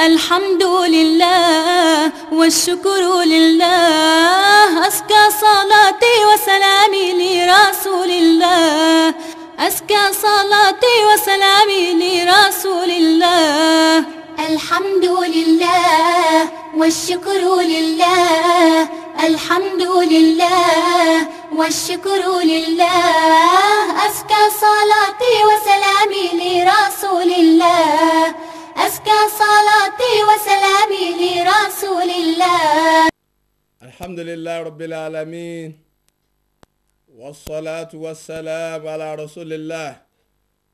الحمد لله والشكر لله أزكى صلاتي وسلامي لرسول الله أزكى صلاتي وسلامي لرسول الله الحمد لله والشكر لله الحمد لله والشكر لله أزكى صلاتي وسلامي لرسول الله أزكى صلاتي وسلامي لرسول الله الحمد لله رب العالمين والصلاة والسلام على رسول الله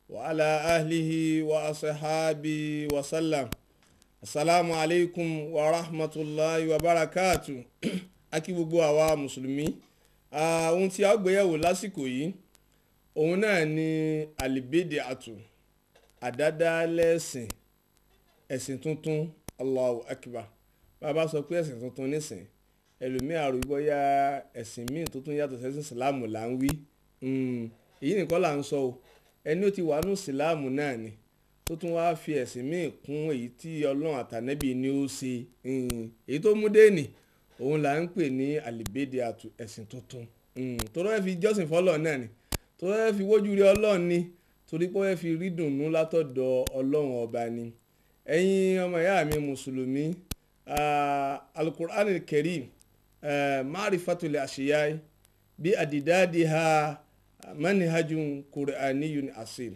وعلى أهله وأصحابه وسلم asalaamu aleykum wa rahmatulahi wa barakatu akí gbogbo àwa mùsùlùmí ohun tí a gbéyẹ̀wò lásìkò yìí òun náà ni àlìbédè àtò àdádálẹ́sìn ẹ̀sìn tuntun Allahu Akbar bàbá sọ pé ẹ̀sìn tuntun nísìn ẹlòmíà rò bóyá ẹ̀sìn míì tó tún yàtọ̀ sẹ́sìn ìsìláàmù là ń wí hmm, èyí nìkan là ń sọ o ẹni ó ti wà nù ìsìláàmù náà ni tó tún wáá fi ẹ̀sìn míì kún èyí tí ọlọ́run àtànẹ́bì ni ó ṣe hmm, èyí tó mú déènì òun là ń pè ní àlìbédè àtù ẹ̀sìn tuntun hmm, tó rẹ́ fi jọ́sìn fọ́lọ̀ náà ni tó rẹ́ fi wójú rí ọlọ́run ni torí pé ó fi rídùn nú látọ̀dọ̀ ọlọ́run ọba ni. ẹ̀yin ọmọ ìyá mi mùsùlùmí ah, alukur'an karim eh, marifatul ashiyai bí àdìdáàdì ha manhajun qur'aniyun asil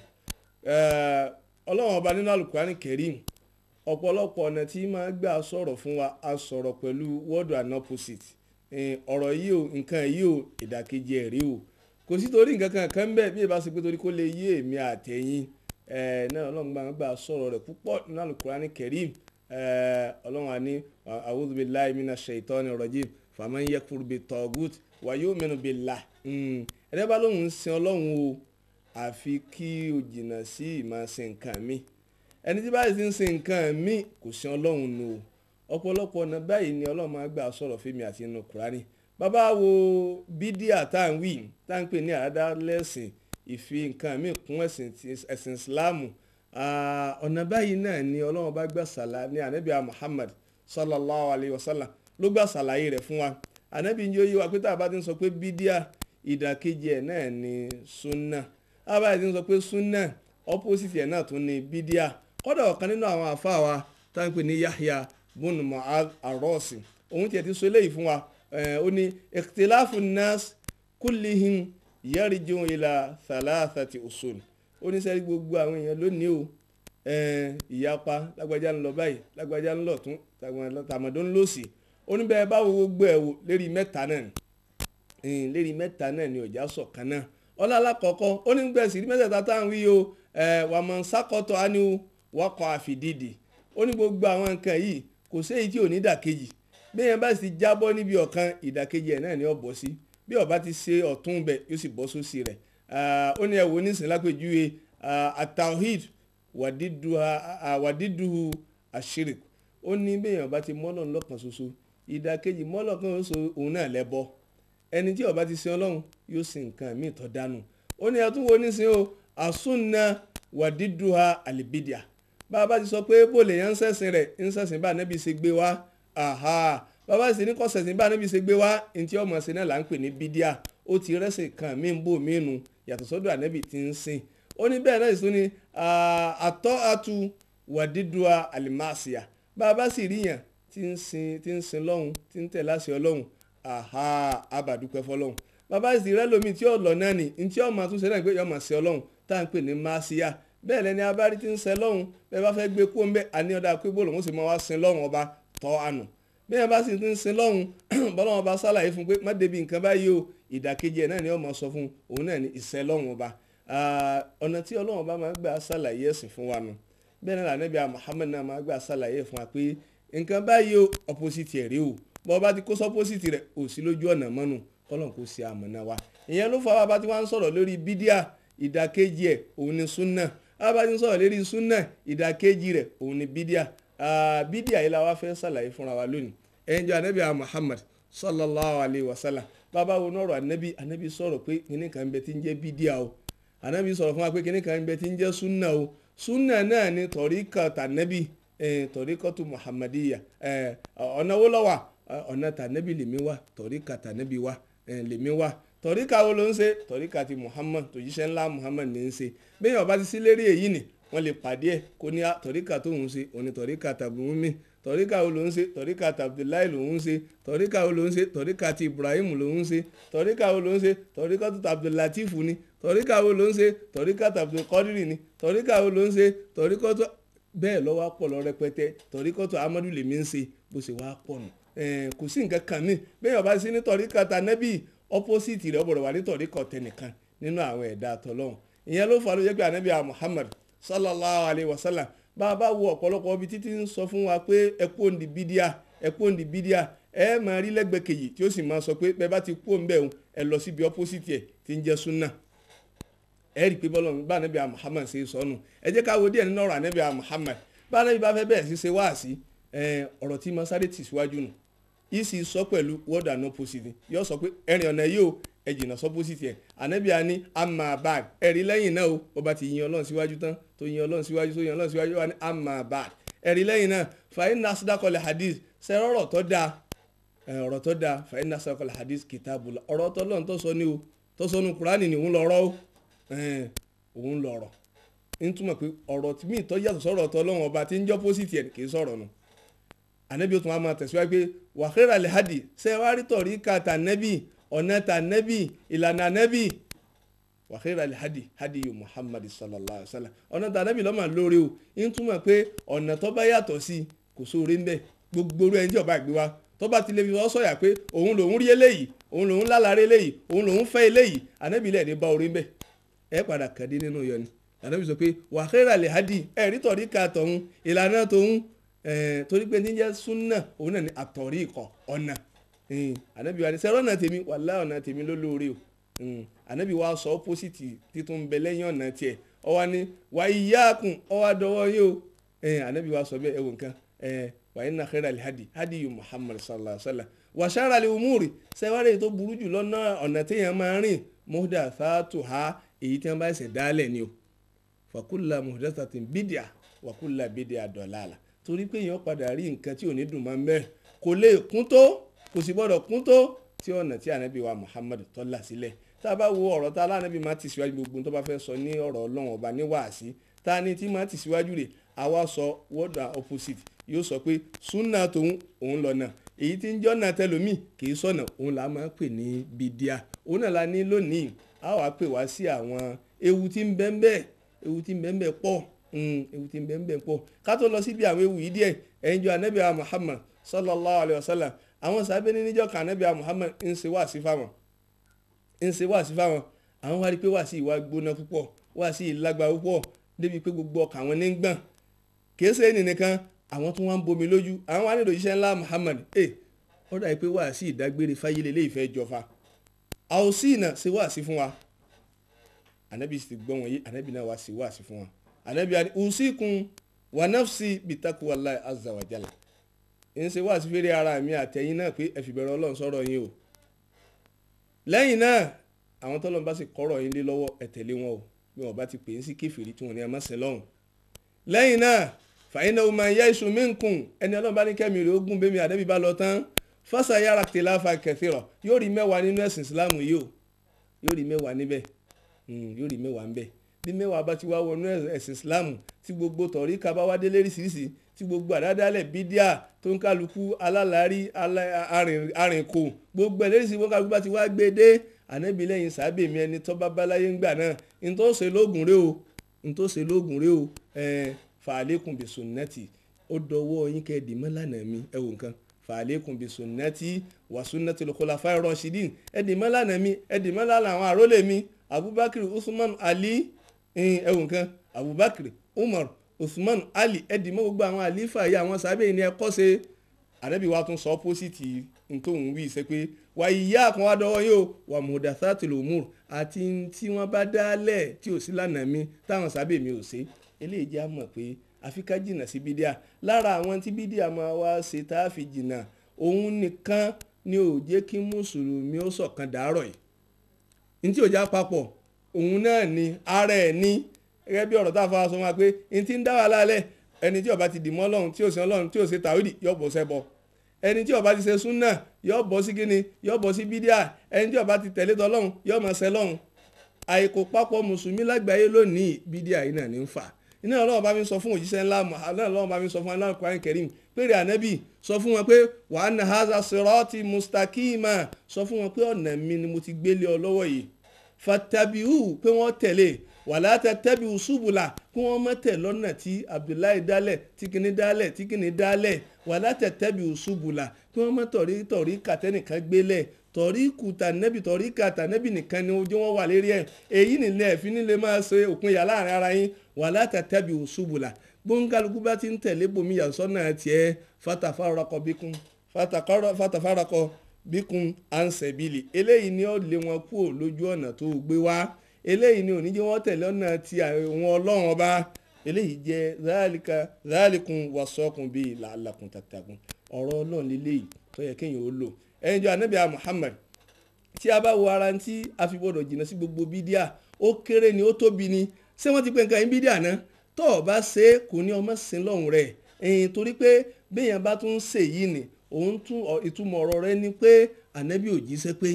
eh, ọlọ́run ọba nínú alukur'an karim ọ̀pọ̀lọpọ̀ ọ̀nà tí máa gbà sọ̀rọ̀ fún wa a sọ̀rọ̀ pẹ̀lú word and opposite eh, ọ̀rọ̀ yìí o nǹkan yìí o ìdàkejì ẹ̀rí o kò sí torí nǹkan kan kan bẹ́ẹ̀ bí ẹ bá ṣe pé torí kó lè yé èmi àtẹ̀yìn Eh, náà ọlọ́run gbàgbà sọ̀rọ̀ rẹ̀ púpọ̀ nínú kerim eh, ọlọ́run àní a'udhu billahi minash shaitani rajim faman yakfur bit taghut wa yu'minu billah hmm, ẹ̀rẹ́ bá lóun ń sin ọlọ́run o àfi kí o jìnnà sí mi ẹni tí báyìí ti ń mi kò sin ọlọ́run o ọ̀pọ̀lọpọ̀ ọ̀nà báyìí ni ọlọ́run máa gbà sọ̀rọ̀ àti inú bàbá wo bídíà tá à ń ìfi nǹkan míì kún ẹ̀sìn ìsìláàmù ọ̀nà báyìí náà ni ọlọ́run bá gbà sàlàyé muhammad sallallahu alayhi wa sallam ló gbà sàlàyé rẹ̀ fún wa anabi yóò yí wa pé tá a bá ti ń sọ pé bídíà ìdàkejì ẹ̀ náà ni sunna a bá ti ń sọ pé sunna ni bídíà kọ́dà ọ̀kan nínú àwọn àfáà wa ń pè ní yahya bun arọ́ọ̀sì òun ti sọ eléyìí fún wa yẹ́rìjú ìlà thalathati usul ó ní sẹ́rí gbogbo àwọn èèyàn lónìí o ìyapa lágbájá ń lọ báyìí lágbájá ń lọ tún tàmọ̀dó ń lọ sí ó ní bẹ́ẹ̀ báwo gbogbo ẹ̀ wò lérí mẹ́ta náà lérí mẹ́ta náà ni ọ̀já sọ̀kan náà ọlọ́lá kọ̀ọ̀kọ́ ó ní gbẹ̀sì rí mẹ́tẹ̀ẹ̀ta tá à ń wí o wàmọ̀ sákọ̀tọ̀ á ní o wọ́kọ̀ àfìdídì ó ní gbogbo àwọn nǹkan yìí kò séyìí tí ò ní dàkejì bí èèyàn bá sì jábọ́ níbi ọ̀kan ìdàkejì ẹ̀ náà ni ó sí bí ọba ti ṣe ọ̀tún bẹ̀ yóò sì bọ́ sósì rẹ̀ ó ní ẹ̀wò oníṣẹ́ lápèjúwe atahid wàdídùú àṣírí ó ní bẹ́ẹ̀ ọba ti mọ́lọ̀ lọ́kàn ṣoṣo ìdàkejì mọ́lọ̀ kan ṣoṣo òun náà lẹ́bọ ẹni tí ọba ti sin ọlọ́run yóò sin nǹkan míì tó dànù ó ní ẹtún wo níṣẹ́ o àsúnà wàdídùú àlìbídìá bá a bá ti sọ pé bó lè yẹn ń ṣẹ̀sìn rẹ̀ ń ṣẹ̀sìn bá ànábì ṣe gbé wá àhà bàbá sì ní kọ̀sẹ̀ sí bá níbi ṣe gbé wá ntí ọmọ ṣe náà là ń pè ní bídíà ó ti rẹ́sìn kan mí ń bò mí nu yàtọ̀ sọ́dọ̀ ànẹ́bì ti ń sìn ó ní bẹ́ẹ̀ náà sì tún ní àtọ́ àtu wàdídùá àlìmáṣíà bàbá sì rí yàn tí ń sin tí ń sin lọ́hùn tí ń tẹ̀ láṣẹ ọlọ́hùn àhà abàdúpẹ́ fọlọ́hùn bàbá sì rẹ́ lómi tí ó náà nì ntí ọmọ àtúnṣe náà gbé yọmọ sí ọlọ́hùn tá à ń pè ní máṣíà bẹ́ẹ̀ lẹ́ni abárí ti ń sin lọ́hùn bẹ́ẹ̀ bá fẹ́ gbé kó ń bẹ́ àníyàn pé bóòlù wọn sì máa wá sin lọ́hùn ọba tọ́ àná bí ẹ bá sì ti ń sin lọ́hùn bọ́lọ́wọ́n bá sálàyé fún pé má débi nǹkan báyìí o ìdàkejì ẹ̀ náà ni ọmọ sọ fún òun náà ni ìṣẹ́ lọ́hùn ọba ọ̀nà tí ọlọ́wọ́n bá máa gbà sálàyé ẹ̀sìn fún wa nù bẹ́ẹ̀ náà lànà bí i Muhammad náà máa gbà sálàyé fún wa pé nǹkan báyìí o opposite ẹ̀ rí o bọ́ ọba ti kó sọ́pọ́sìtì rẹ̀ ò sí lójú ọ̀nà mọ́nu kọ́lọ́n kó ṣe àmọ̀nà wa ìyẹn ló fà bá ti wá ń sọ̀rọ̀ lórí bídíà ìdàkejì ẹ̀ òun ni súnà bá ti ń sọ̀rọ̀ lórí la wá fẹ́ ṣàlàyé fúnra wa lónìí ẹnjọ anabi muhammad sallallahu alayhi wa sallam bàbá wo nọrọ anabi anabi sọ̀rọ̀ pé kíní kan bẹ ti ń jẹ́ bídíà o anabi sọ̀rọ̀ fún wa pé kíní kan bẹ ti ń jẹ́ sunna o sunna náà ni tọ̀ríkà tànẹ́bì tọ̀ríkà tu muhammadiya ọ̀nà wo ló wà ọ̀nà tànẹ́bì lèmi wà tọ̀ríkà tànẹ́bì wà lèmi wà tọ̀ríkà wo ló ń ṣe tọ̀ríkà ti muhammad tòjíṣẹ́ ńlá muhammad ní ń ṣe bẹ́ẹ̀ ọba ti sí lérí èyí ni wọ́n lè pàdé ẹ̀ kó ní ah, tọ̀ríkà tó ń ṣe òní tọ̀ríkà tàbí mùmín tọ̀ríkà wo ló ń ṣe tọ̀ríkà tàbdùláì ló ń ṣe tọ̀ríkà wo ló ń ṣe tọ̀ríkà ti ibrahim ló ń ṣe tọ̀ríkà wo ló ń ṣe tọ̀ríkà tó tàbdùlátìfù ni tọ̀ríkà wo ló ń ṣe tọ̀ríkà tàbdùkọ́dìrì ni tọ̀ríkà wo ló ń ṣe tọ̀ríkà tó bẹ́ẹ̀ lọ́wọ́ pọ̀ lọ rẹpẹtẹ tọ̀ríkà tó amadu lèmi ń ṣe bó ṣe wá pọ̀ nù kò sí nǹkan kan mí bẹ́ẹ̀ ọba sí ní tọ̀ríkà tànẹ́bì ọ́pọ́sìtì rẹ̀ ọ̀bọ̀rọ̀ wà ní tọ̀ríkà tẹnìkan nínú àwọn ẹ̀dá tọlọ́hun ìyẹn ló fà ló jẹ́ pé ànábì Muhammad sallallahu alayhi wa sallam bá a bá wo ọ̀pọ̀lọpọ̀ ibi títí ń sọ fún wa pé ẹ kú òǹdí bídíà ẹ kú bídíà ẹ máa rí lẹ́gbẹ̀ẹ́ kejì tí ó sì máa sọ pé bẹ́ẹ̀ bá ti kú òǹbẹ̀ òun ẹ lọ síbi ọ́pọ́sìtì ẹ̀ tí ń jẹ́ súnà ẹ rí i pé bọ́lá bá anabi Muhammad ṣe jẹ́ ká wo díẹ̀ nínú ọ̀rọ̀ anabi Muhammad bá anabi bẹ́ẹ̀ ṣe ọ̀rọ̀ tí masáré tì nù yìí sọ pẹ̀lú word ẹ jìnnà sọ́pọ́sìtì ẹ̀ ànábì àní àmà bad ẹ̀rí lẹ́yìn náà o bọ́ba ti yin ọlọ́run síwájú tán tó yin ọlọ́run síwájú tó yin ọlọ́run síwájú wa ní àmà bad ẹ̀rí lẹ́yìn náà fàyín nasida kọlẹ̀ hadith ṣe ọ̀rọ̀ tó dáa ọ̀rọ̀ tó dáa fàyín nasida kọlẹ̀ hadith kitabula ọ̀rọ̀ tó lọ́n tó sọ ní o tó sọ ní kúránì ni òun lọ́rọ̀ o òun lọ́rọ̀ ń túmọ̀ pé ọ̀rọ̀ míì tó yàtọ̀ sọ̀rọ̀ tó lọ́wọ́n ọba tí ń jọ́ pósìtì ẹ̀ kì í sọ̀rọ̀ nù ànábì ó tún wá máa tẹ̀síwájú pé wàhálà lẹ́hàdì ṣe wá rí tọ̀rí kàtà nẹ́bì ọ̀nà tànẹ́bì ìlànà ànẹ́bì wàhírà alihadi yu muhammad sallallahu alaihi wa sallam ọ̀nà tànẹ́bì lọ́mọ lórí o ń túmọ̀ pé ọ̀nà tó bá yàtọ̀ sí kò sóore ń bẹ̀ gbogbo orí ẹni tí ọba àgbéwá tó bá ti lè fi wọ́n sọ̀yà pé òun lòun rí eléyìí òun lòun lálàárẹ̀ eléyìí òun lòun fẹ́ eléyìí ànẹ́bì lẹ̀ ní bá orí ń bẹ̀ ẹ padà kàdé nínú yọ ni ànẹ́bì sọ pé wàhírà alihadi ẹ̀rí tọ̀rí ka tọ̀hún ìlànà tòun torí pé níjẹ́ súnà òun náà ni àtọ̀rí ikọ̀ ọ̀nà Eh, ànábì wa ni sẹ́rọ̀ ọ̀nà tèmi wàlá ọ̀nà tèmi ló lóore o hmm. ànábì wa sọ ọ́pọ́sìtì títún bẹ lẹ́yìn ọ̀nà tiẹ̀ ọwa ni wà iyyakum ọwa dọwọ́ yìí o eh, ànábì sọ bẹ́ẹ̀ ẹ nǹkan wà inna khaira al-hadi yu muhammad sallallahu alayhi wa sallam wà sharra al-umuri sẹ́wárẹ̀ tó burú jù lọ́nà ọ̀nà téèyàn máa rìn muhdathatuha èyí tí wọ́n bá ṣẹ̀ dálẹ̀ ni o fa kulla muhdathatin bídíà wa kulla bídíà dalala torí pé èèyàn padà rí nǹkan tí ò ní dùn máa ń kò lè kún tó kò sì gbọ́dọ̀ kún tó tí ọ̀nà tí ànábì wa Muhammad tọ́lá sílẹ̀ tá a bá wo ọ̀rọ̀ tá aláàbí máa ti síwájú gbogbo tó bá fẹ́ sọ ní ọ̀rọ̀ ọlọ́run ọba ní wàásí ta ni tí máa ti síwájú rẹ̀ àwa sọ word opposite yóò sọ pé súnà tòun òun lọ́nà èyí tí ń jọ́nà tẹlómi kì í sọ̀nà òun la máa pè ní bídíà òun náà la ní lónìí a wàá pè wá sí àwọn ewu tí ń bẹ́ńbẹ́ ewu tí ń bẹ́ńbẹ́ pọ̀ hmm, ewu tí ń bẹ́ńbẹ́ pọ̀ ká tó lọ síbi àwọn ewu yìí díẹ̀ ẹ̀yin jọ anábìá Muhammad sallallahu alayhi wa sallam àwọn sábẹ́ ní níjọ́ kan ànábì Muhammad ń ṣe wáàsí fáwọn ń ṣe wáàsí fáwọn àwọn wá rí pé wáàsí ìwà gbóná púpọ̀ wáàsí ìlágbá púpọ̀ débi pé gbogbo ọkàn àwọn ní ń gbọ̀n kìí ṣe ènìyàn kan àwọn tó wá ń bomi lójú àwọn wá nílò iṣẹ́ ńlá Muhammad ẹ eh, ó dà pé wáàsí ìdágbére fáyé lélẹ́ ìfẹ́ jọfa àwòsí ìnà ṣe wáàsí fún wa ànábì sì gbọ́ wọn yé ànábì náà wá ṣe wáàsí fún wa ànábì àti ùsíkun wà náfsì bìtákùwà láì azza ń ṣe wá sí fèrè ara mi àtẹ̀yìn náà pé ẹ fìbẹ̀rẹ̀ ọlọ́run sọ̀rọ̀ yín o lẹ́yìn náà àwọn tọ́lọ́run bá sì kọ́rọ̀ yín lé lọ́wọ́ ẹ tẹ̀lé wọn o bí wọn bá ti pè é sí kèfèrí tí wọn ní a máa ṣe lọ́hùn lẹ́yìn náà fàyínà ọmọ ìyá iṣu mi ń kùn ẹni ọlọ́run bá ní kẹ́mi rè ogún bẹ́mi àdẹ́bí bá lọ tán fásitì ayára tèlà fa kẹfì rọ yóò rí mẹ́wàá nínú ẹ̀sìn Islam yìí o yóò rí mẹ́wàá níbẹ̀ hmm, yóò rí mẹ́wàá níbẹ̀ bí mẹ́wàá bá ti wá wọnú ẹ̀sìn islam tí gbogbo tọ̀rí kabáwádé léríṣiríṣi tí gbogbo àdádálẹ̀ bídíà tó ń kálukú alálàárí arìnkò gbogbo ẹ̀ léríṣiríṣi wọn kálukú bá ti wá gbé dé ànábì lẹ́yìn sábẹ̀mí ẹni tó bá báláyé ńgbà náà n tó ṣe lóògùn rẹ o n tó ṣe lóògùn rẹ o fàálẹ́kùn bí sunnati ó dọwọ́ yín kẹ́ dì mọ́lànà mi ẹ wò nǹkan fàálẹ́kùn bí sunnati wà sunnati lukulafa rashidin ẹ dì mọ́lànà mi ẹ dì àwọn àrólé mi abubakar usman ali ẹwù nǹkan Abubakar Umar Usman Ali ẹdìmọ gbogbo àwọn àlífà yìí àwọn sábẹ́ yìí ni ẹ kọ́ ṣe ànábì wa tún sọ pósìtì ntòun wí ṣe pé wà ìyá kan wá dọwọ́ yóò wà mọ̀dàsá tìlómùr àti tí wọ́n bá dálẹ̀ tí ò sí lánàá mi táwọn sábẹ́ mi ò ṣe eléyìí jẹ́ àmọ̀ pé àfi ká jìnnà sí bídíà lára àwọn tí bídíà máa wá ṣe tá a fi jìnnà òun nìkan ni ò jẹ́ kí mùsùlùmí ó ṣọ̀kan dàárọ̀ yìí ní ò já papọ̀ òun náà ni ara ẹ̀ ní gẹ́gẹ́ bí ọ̀rọ̀ tá a fọwọ́ sọ wọn pé n ti ń dá wa lálẹ́ ẹni tí ó bá ti dì mọ́ Ọlọ́run tí ò sí Ọlọ́run tí ò ṣe tàwídì yóò bọ́ sẹ́bọ ẹni tí ó bá ti ṣe súnà yóò bọ́ sí kíni yóò bọ́ sí bídíà ẹni tí ó bá ti tẹ̀lé tọlọ́run yóò máa ṣe lọ́run àìkò papọ̀ mùsùlùmí lágbàáyé lónìí bídíà yìí náà ní ń fà iná Ọlọ́run bá mi sọ fún òjíṣẹ́ ńlá Muhammad Ọlọ́run bá mi sọ fún aláǹkó ayé kẹrin péré ànábì sọ fún wọn pé wàá nà haza sirati mustakima sọ fún wọn pé ọ̀nà mi ni mo ti gbélé ọ lọ́wọ́ yìí fatabiu pé wọ́n tẹ̀lé wàláta tẹ́bíù ṣubùlà kí wọ́n má tẹ̀ lọ́nà tí abdullahi dálẹ̀ tí kìíní dálẹ̀ tí kìíní dálẹ̀ wàláta tẹ́bíù ṣubùlà kí wọ́n má tọ̀rí tọ̀rí kàtẹ́nìkan gbélẹ̀ tọ̀rí kùtà nẹ́bì tọ̀rí kàtà nẹ́bì nìkan ni ojú wọn wà lérí ẹ̀ èyí nílẹ̀ ẹ̀fín nílẹ̀ máa ṣe òpin yà láàrin ara yín wàláta tẹ́bíù ṣubùlà gbóńgálukú bá ti ń tẹ̀lé bòmíyàn sọ́nà tiẹ̀ fatafarakọ bíkún fatafarakọ bíkun ansebili eléyìí ni ó lé wọn kúrò lójú ọ̀nà tó gbé wá eléyìí ni ò ní jẹ́ wọ́n tẹ̀lé ọ̀nà ti àwọn ọlọ́run ọba eléyìí jẹ́ ráàlìkà ráàlìkun wàsọ́kun bíi làálàkun tàtàkùn ọ̀rọ̀ ọlọ́run lélẹ́yìí tó yẹ kéèyàn ó lò ẹ̀yin anábì Muhammad tí a bá wo ara tí a fi gbọdọ̀ jìnnà sí gbogbo bídíà ó kéré ni ó tóbi ni ṣé wọ́n ti pè nǹkan yín bídíà náà tó o bá ṣe é kò ní ọmọ sìn lọ́hùn rẹ̀ ẹ̀yìn torí pé béèyàn bá tún ń ṣèyí ni òun tún ìtumọ̀ ọ̀rọ̀ rẹ ni pé ànábì ò jíṣẹ́ pé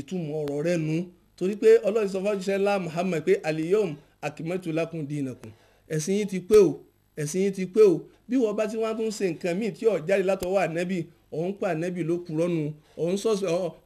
ìtumọ̀ ọ̀rọ̀ rẹ nu torí pé ọlọ́run sọ fọ́jíṣẹ́ ńlá Muhammad pé aliyom akimẹ́tu lakum dinakum ẹ̀sìn yín ti pé o ẹ̀sìn yín ti pé o bí wọ́n bá ti wá tún ṣe nǹkan míì tí ò jáde látọwọ́ ànábì òun pa ànábì ló purọ́ nu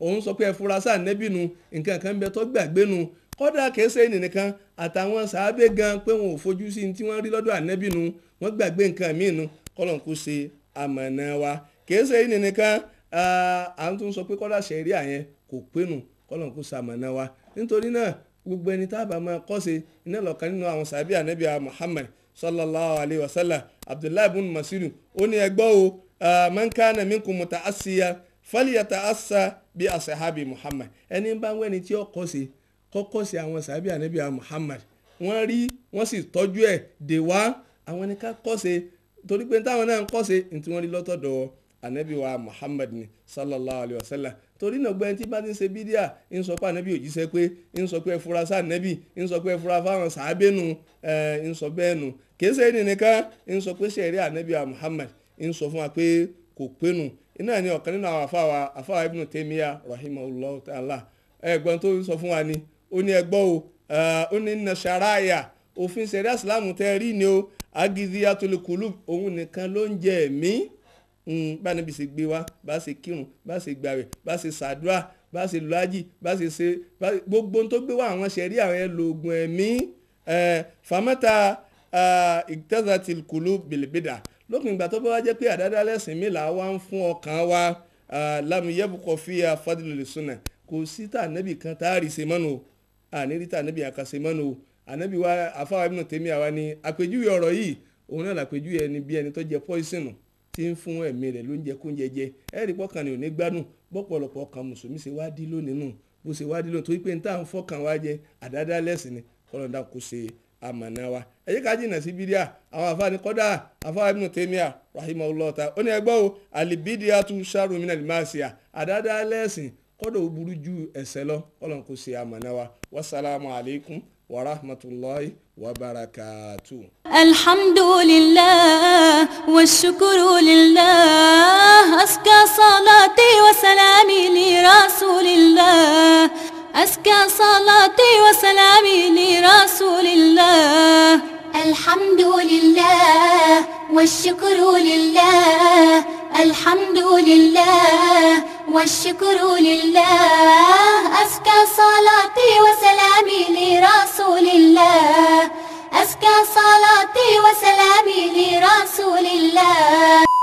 òun sọ pé ẹfurasí ànábì nu nǹkan kan bẹ tó gbàgbé nu kódà kẹsẹ̀ nìkan àtàwọn sàábé gan pé wọn ò fojú sí ní wọ́n rí lọ́dọ̀ ànábì nu wọ́n gbàgbé nǹkan míì nu kọ́lọ̀ kó ṣe àmọ̀nà wa kì í ṣe yìí nìkan à ń tún sọ pé kọ́dà ṣẹ̀rí àyẹn kò pénu kọ́lọ̀ kó sàmọ̀nà wa nítorí náà gbogbo ẹni tá a bá máa kọ́ ṣe iná lọ́kàn nínú àwọn sàbí ànábì Muhammad sallallahu alayhi wa sallam abdullahi bin masiru ó ní ẹgbọ́ o man kana minkum muta'assiya falyata'assa bi asahabi Muhammad ẹni bá ń wẹ́ni tí ó kọ́ ṣe kọ́kọ́ ṣe àwọn sàbí ànábì Muhammad wọ́n rí wọ́n sì tọ́jú ẹ̀ dè wá àwọn ẹni ká kọ́ ṣe torí pé táwọn náà ń kọ́ ṣe ní tí wọ́n rí lọ́tọ̀dọ̀ ànábì wa muhammad ni sallallahu alayhi wa sallam torí náà gbẹ́ni tí bá ti ń ṣe bídíà ń sọ pé ànábì òjíṣẹ́ pé ń sọ pé ẹ fura sí ànábì ń sọ pé ẹ fura fáwọn sàábẹ́nu ń sọ bẹ́ẹ̀ nu kìí ṣe nìkan ń sọ pé ṣẹ̀rí ànábì wa muhammad ń sọ fún wa pé kò pénu iná ni ọ̀kan nínú àwọn àfáwa àfáwa ibn taymiya rahimahullah ta'ala ẹ̀gbọ́n tó ń sọ fún wa ni ó ní ẹgbọ́ o ó ní nà òfin ṣẹ̀rí àsìlámù tẹ́ rí ni o agidiyatolukulu òun nìkan ló ń jẹ ẹ̀mí bá níbi ṣe gbé wá bá ṣe kírun bá ṣe gbàwẹ̀ bá ṣe ṣàdúrà bá ṣe lọ́ájì bá ṣe ṣe gbogbo tó gbé wá àwọn ṣẹ̀rí àwọn ẹlòògùn ẹ̀mí fàmọ́tà ìtẹ́sàtìl kùlù bìlìbìdà lópin ìgbà tó bá wá jẹ́ pé àdáda lẹ́sìn mi là wá ń fún ọkàn wa lámìyẹ́bùkọ̀ fi àfọ́dúnlẹ̀ sùnà kò sí tànẹ́bì kan tá a rì ṣe mọ́nu o àníri tànẹ́bì àkàṣe mọ́nu o ànẹ́bì wa tèmi àwa ni àpèjúwe ọ̀rọ̀ yìí òun náà làpèjúwe ẹni bí ẹni tó jẹ pọ́ìsìnù tí ń fún ẹ̀mí rẹ̀ lóúnjẹ kóúnjẹ jẹ ẹ̀rí pọ́kàn ni ò ní gbádùn bọ́pọ̀lọpọ̀ ọkàn mùsùlùmí ṣe wá dí lónìí nù bó ṣe wá dí lónìí torí pé n táà ń fọ́kàn wá jẹ àdáadáa lẹ́sìn ni kọ́lọ́n dà kó ṣe àmàna wa. ẹ jẹ́ ká jìnnà sí bídíà àwọn àfáàní kọ́dà àfáà Ibn Taymiyyah rahimahullah ta ó ní ẹgbọ́ o àlìbídíà tún ṣàrò mí nàìjíríà àdáadáa lẹ́sìn ورحمة الله وبركاته الحمد لله والشكر لله أزكى صلاتي وسلامي لرسول الله أزكى صلاتي وسلامي لرسول الله الحمد لله والشكر لله الحمد لله والشكر لله أزكى صلاتي وسلامي لرسول الله أزكى صلاتي وسلامي لرسول الله